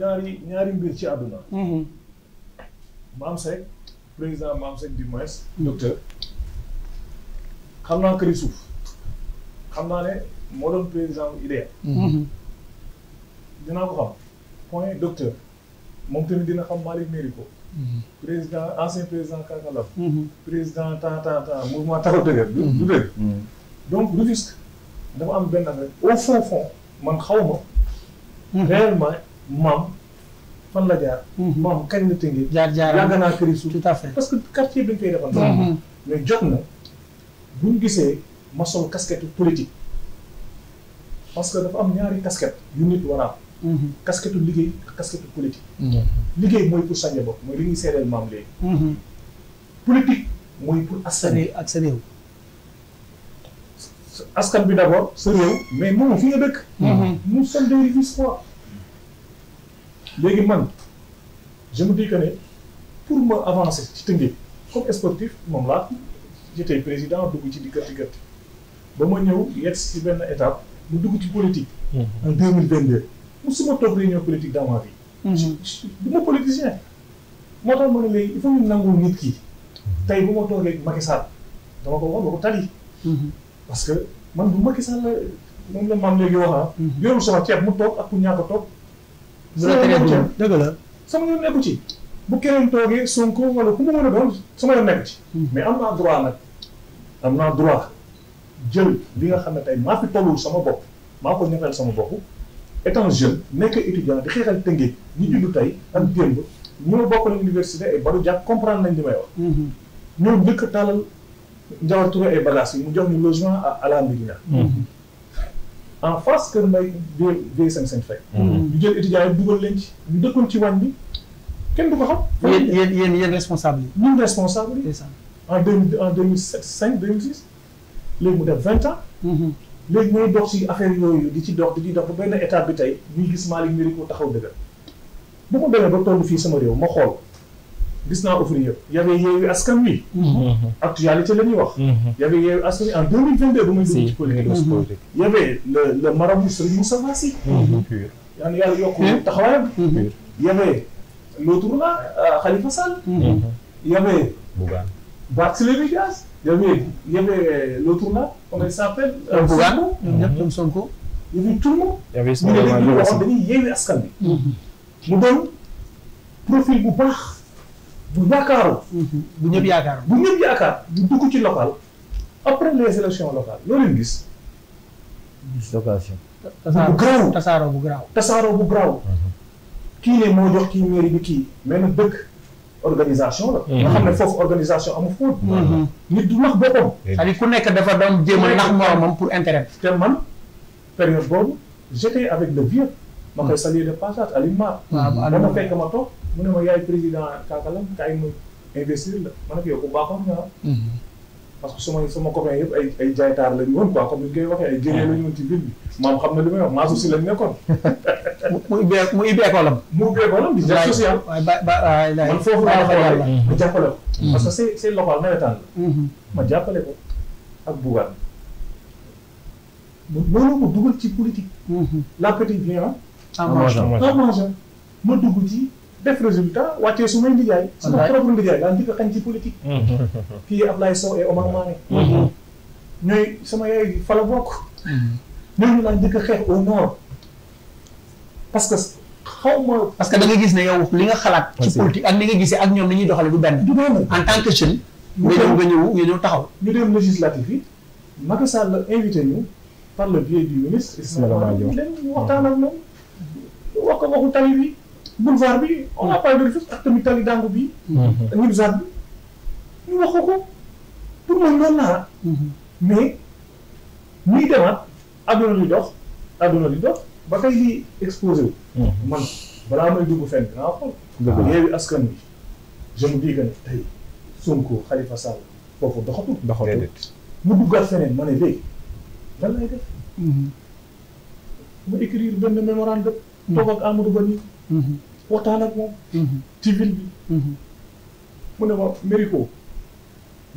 ñaari ñaari mbir ci àdduna. Mm-hmm. Maam Seck président Maam Seck du moins docteur xam naa këri suuf xam naa ne moo doon président idée mm-hmm. dinaa ko xam point docteur moom tamit dina xam Malick Mérico mm-hmm. président ancien président Kakalab président tant tant tant mouvement taxaw dëgër du donc Rufisque dafa am benn affaire au fond fond man xaw ma réellement maam fan la jaar. maam kañ la tënkee. jaar jaar yàgg naa këri suuf à fait parce que quartier bi ñu koy defal. Mhm. Mhm. mais jot na bu ñu gisee ma sol casquette politique parce que dafa am ñaari casquette yu nit war a mhm. liggéey ak casquette politique. liggéey mooy pour sañ bopp mooy li ñuy seedeel maam mooy pour askan ak sa réew. askan bi d' abord sa réew mais moom fi nga dëkk. nous sommes des vice léegi man je me dis que ne pour moo avancer ci tënkee comme sportif moom laa j'étais président dugg ci di gërti gërti ba ma benn étape mu dugg ci politique. Mhm. en deux mille vingt deux. musuma toog réunion politique dans ma vie. Mhm. du ma politicien. moo tax ma ne léegi il faut ñu nangul nit ki tey bu ma toogee Macky Sall dama ko wax ba ko tali. Mhm. parce que man bu Macky Sall la moom la maam léegi wax ah. yorul sama ceeb mu toog ak ku ñàkk a toog. dëgg la sama yoon nekku ci bu keneen toogee Sonko wala ku mu mën a doon sama yoon nekk ci hmm. mais am naa droit nag am naa droit jël bi nga xam ne tey maa fi tollul sama bopp maa ko ñaxal sama bopp étant jeune nekk étudiant di xeexal tënge ñu juddu tey ak démb ñu bokk la université ay baru jàpp comprendre nañ li may wax hmm. ñoom njëkk a tàllal Ndiawar Touré ay bagages yi mu jox ñu logement à à la en face kër Mbaye Guèye Sène Sène Faye. Mm-hmm. ñu jël étudiants yi dugal leen ci ñu dëkkoon ci wan bi kenn du ko xam. yéen yéen yéen yéen responsable yi. ñun responsable yi. en deux en deux mille sept cinq deux mille six léegi mu def vingt ans. Mm-hmm. léegi ñooy dox ci affaire yooyu di ci dox di ci dox ba benn état bi tey ñuy gis Malick Mérico taxaw dëgg bu ko demee ba toll fii sama réew ma xool. gis naa offre yëpp y avait Yewwi Askan Wi mhm. actualité la ñuy wax mhm. y avait Yewwi Askan Wi en deux mille vingt deux ba muy dugg ci politique mhm. y avait le le marabout Serigne Moussa Fassi ya ngi yàlla yokk taxawaayam y avait l'autre là euh, Khalifa Sall y avait Bougane Barthélémy Dias y avait y avait l'autre là comment il s'appelle euh, profil bu baax bu yaakaaroon. bu ñëpp yaakaar bu ñëpp yaakaar bu dugg ci local après les élections locales loolu ñu gis. dislocation. bu garaaw tasaaroo bu garaaw. tasaaroo bu garaaw. Mhm. kii ne moo jox kii mairie bi kii mais nag dëkk organisation la. Mhm. nga xam ne foofu organisation amu fóot. Mhm. nit du nax boppam. cest à ku nekk dafa doon jéem a nax moromam pour intérêt. te man période boobu j'étais avec le vieux. ma koy saluer de passage Alioune Mar. ma fekk mu ne ma yaay président Kakalam kaay ma investir la ma bu baaxoon mhm. parce que sama sama copain yëpp ay ay jaaytaar la ñu woon quoi comme ni ñu koy waxee ay génnee ah. la ñu woon ci ville bi maam xam na li may wax maasu si lañ nekkoon. mu ubbee ma jàppale ko. Mhm. parce que c'est c'est la. Mhm. ma jàppale ko ak Bougane. ci politique. la petite vient. ma dugg ci. def résultat wàccee su may ndijaay suma propre ndijaay daa njëkk a xañ ci politique kii Ablaye Sow et Omar Mané mm-hmm. ñooy sama yaay fa la bokk mm-hmm. ñooñu laa njëkk a xeex au nord parce que xaw ma parce que da gis ne yow li nga xalaat ci politique ak li nga gisee ak ñoom ni ñuy doxale du benn du benn en tant que jeune nga ñëw nga ñëw nga ñëw taxaw ñu dem législatif yi Macky la invité ñu par le biais du ministre Ismaïla Madior Diop leen waxtaan boulevard bi on a parlé de Rufisque ak tamit tali dàngu bi. Mhm. ak bi ñu wax pour man loolu naa ah. mhm. mais muy demaat adduna li dox adduna li dox ba tey lii exposé mhm. man balaa may dugg fenn dinaa xool. dëgg la yeewi askan bi je me dis ne tey Sonko Khalifa Sall foofu doxatul. doxatul mu duggaat feneen ma ne léegi lan def. mu écrire benn mémorandum. toog ak Amadou nii. waxtaan ak moom. Mhm. ci ville bi. Mhm. mu ne ma Mérico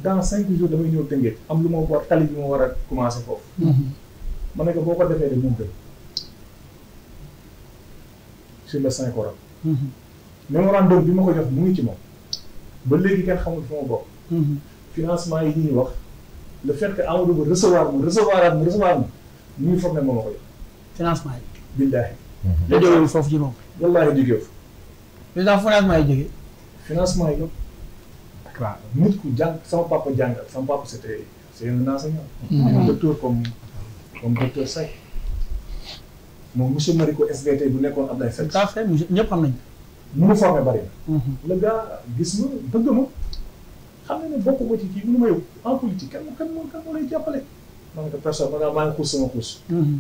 dans cinq jours damay ñëw Tëngéej am lu ma war tali bi ma war a commencé foofu. Mhm. ma ne ko boo ko defee de moom dëgg sur le Saint Coran. mémorandum bi ma ko jox mu ngi ci moom ba léegi kenn xamul fi ma bokk. financement yi ñuy wax le fait que Amadou Ba recevoir mu recevoir mu recevoir mu ñu ngi foog ne moom ma ko jox. financement yi. billaahi. la jógewul foofu ci moom. wallaahi jógewul. président financement yi jógee. financement yi yëpp. waaw nit ku jàng sama papa jàngal sama papa c'était c'est un enseignant. un hmm. docteur comme comme docteur Seck. moom monsieur Marico SVT bu nekkoon Abdoulaye Seck. tout à fait ñëpp xam nañu. mu mu formé bari na. Hmm. le gars gis nga bëgg ma xam ne ne bokk ko ci kii mënu ma yóbbu en politique kan kan moo kan moo lay jàppale. man de personne man maa ngi xuus sama xuus. Hmm.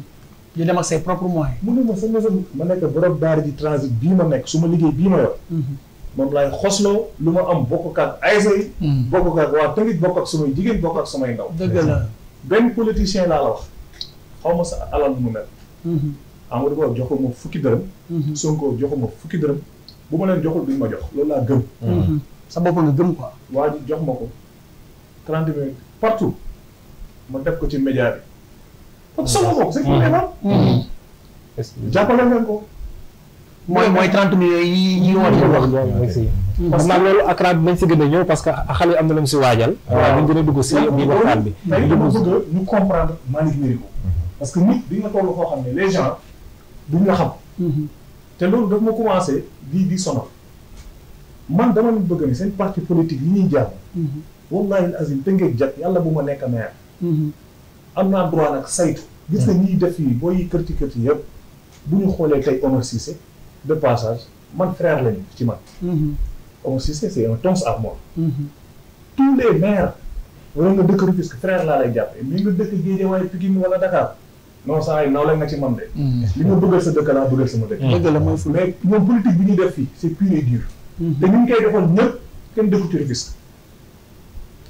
di dem ak say propres moyens. mënuma sa mësa ma nekk borom daara ji transit bii ma nekk su ma liggéey bii ma yor. Mm-hmm. moom laay xosloo lu ma am bokk ak ASC yi. Mm-hmm. bokk ak waa tamit bokk ak samay jigéen bokk ak samay ndaw. dëgg la benn politicien laa la wax xaw ma sa alal nu mu mel. Mm-hmm. Amadou Ba joxuma fukki dërëm. Sonko joxuma fukki dërëm bu ma leen joxul duñ ma jox loolu laa gëm. sa bopp nga gëm quoi. waa jox ma ko 30 minutes partout ma def ko ci média bi. ak solo moom c' jàppale ngeen ko. mooy mooy trente millions yi yi wax parce que loolu ACRA bi nañ si gën a ñëw parce que xale yi am na lu mu si waajal. waaw ñu gën a dugg si bëgg ñu comprendre Malick Miricou. Mm-hmm. parce que nit di nga toll koo xam ne les gens duñ la xam. Mm-hmm. te loolu daf ma commencé di di sonal man dama bëgg ni seen parti politique yi ñuy jàpp. Mm-hmm. wallaahi azim te ngeen jàpp yàlla bu ma nekk maire. am naa droit nag saytu. gis na ñiy def fii booy yi kërti kërti yëpp bu ñu xoolee tey Omar Cissé de passage man frère lañu ci man. Mhm. Omar Cissé c'est un à moi. Mhm. tous les maires wala nga dëkk Rufisque frère laa lay jàppee mais nga dëkk Guédiawaye Pikine wala Dakar non saa yi naw la nga ci man de. Mhm. li nga bëggal sa dëkk laa bëggal sama dëkk. dëgg la mooy mais ñoom politique bi ñuy def fii c'est pur et dur. te ni ñu koy defoon ñëpp kenn dëkku ci Rufisque.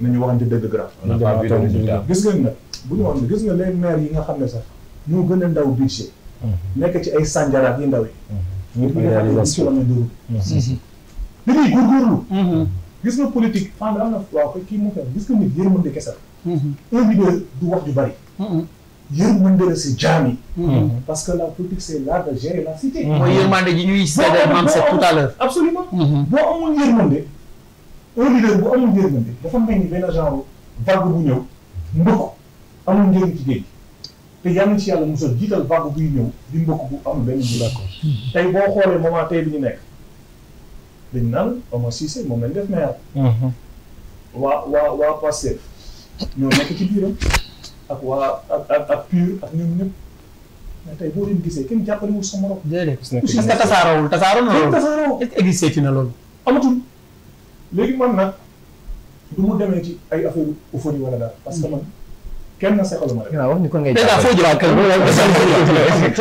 nañu waxante dëgg grave. on n'a pas vu de résultat gis ngeen nag bu ñu wax gis nga les maires yi nga xam ne sax ñoo gën a ndaw budget mhm. nekk ci ay sànjaraat yi ndaw yi. Mhm. ñu ngi réalisation mhm. si dañuy góorgóorlu. gis nga politique fànn ah, am na waaw kii mu fexe gis nga nit yërmande kese la. un leader du wax ju bari. yërmande la si jaam yi. parce que la politique c' est l' art de gérer la cité. mooy yërmande ji ñuy séddee maam c'est tout à l'heure absolument boo amul yërmande. un leader bu amul njëriñ bi dafa benn genre bu ñëw mbëkk amul njëriñ ci géej te yal na ci yàlla musal jiital vague buy ñëw di mbëkk bu amul benn njëriñ. d'accord tey boo xoolee moment tey bi ñu nekk dañ naan Omar Cissé moom lañ def maire. Mhm. waa waa waa Pastef ñoo nekk ci biiram ak waa ak ak ak PUR ñëpp. mais tey boo leen gisee kenn jàppale wu sa morom. déedéet parce que tasaaroowul tasaaroowul. tasaaroowul est na loolu amatul. léegi man nag du mu demee ci ay affaire euphorie wala daal parce que man kenn seqaluma rek. waaw wax ni kon ngay jàppale foo jëlaat kër loolu la ñu wax. ngi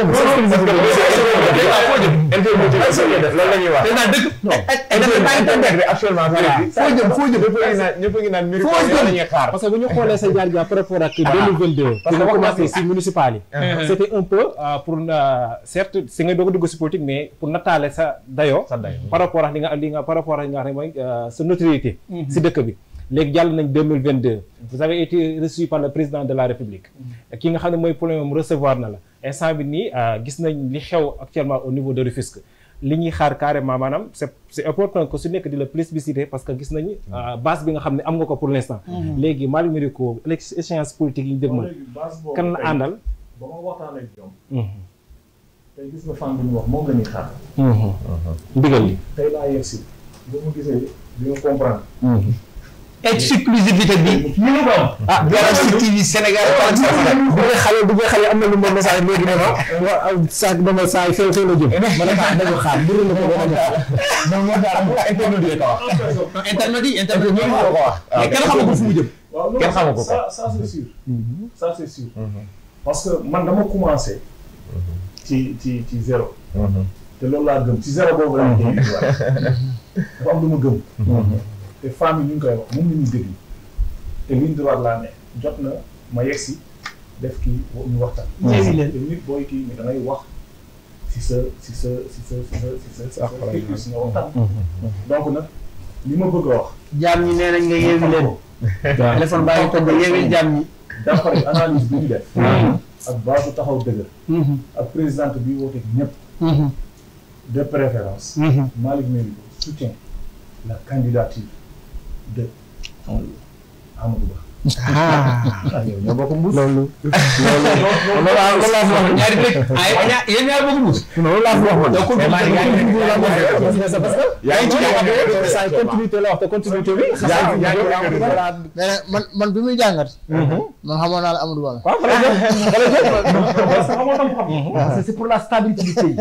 xaar. parce que bu ñu xoolee sa jaar jaar par rapport ak 2022. Ah. parce que commencé si municipal yi. Ah. c' était un peu euh, pour euh, certes si nga doog a dugg si politique mais pour nataale sa dayoo. sa dayoo par rapport ak li nga li nga par rapport ak li nga xam ne mooy euh, sa notoriété. Mm-hmm. si dëkk bi. léegi jàll nañ 2022 vous avez été reçu par le président de la république mm-hmm. ki nga xam ne mooy problème am recevoir na la instant bi nii euh, gis nañ li xew actuellement au niveau de Rufisque li ñuy xaar carrément maanaam c'est c'est important que su nekk di la plébiscité parce que gis nañu euh, mm-hmm. base bi nga xam ne am nga ko pour l'instant mm-hmm. léegi Malick Miricou échéance politique yi ñu dégmal kan la àndal ba ma waxtaan ak ndigal li exclusivité bi. ñu ngi ko am. ah TV Sénégal ak Sénégal. bu dee xale bu dee xale am na lu mu message léegi ne ma. saa dama saa xew xew la jëm. ma ne maa dama xaar mbir la ko doon def. non moom daal amul internet yi ko wax. internet yi internet yi ko wax. mais kenn xamu ko fu mu jëm. kenn xamu ko ça ça c'est sûr. ça c'est sûr. parce que man dama commencé. ci ci ci zéro. te loolu laa gëm ci zéro boobu laa gëm. dafa am lu ma gëm. te femmes ñu ngi koy wax moom la ñuy déglu te ligne laa ne jot na ma yegg si def ki ñu waxtaan. te nit wax si sa si sa sa si sa. si sa waxtaan. Mm-hmm. Mm-hmm. donc nag li ma bëgg a wax. jaam ñi nee nañ nga yeewi leen. téléphone baa ngi toog nga yeewil jaam ñi. d'après analyse bi ñu def. Mm-hmm. ak baasu taxaw dëgër. ak présidente bi woote ñëpp. de préférence. Malick Mengo soutient la candidature. de Amadou Ba. ah yow ñoo bokk mbuus. loolu loolu loolu laa wax ñaari dëkk yéen ñaari bokk mbuus. loolu laa wax man. donc yaa ngi ci jàngat continuité la wax te continuité bi. man man bi muy jàngat. man xamoon naa la Amadou Ba. waaw fa la jëm fa la jëm. c'est pour la stabilité du pays.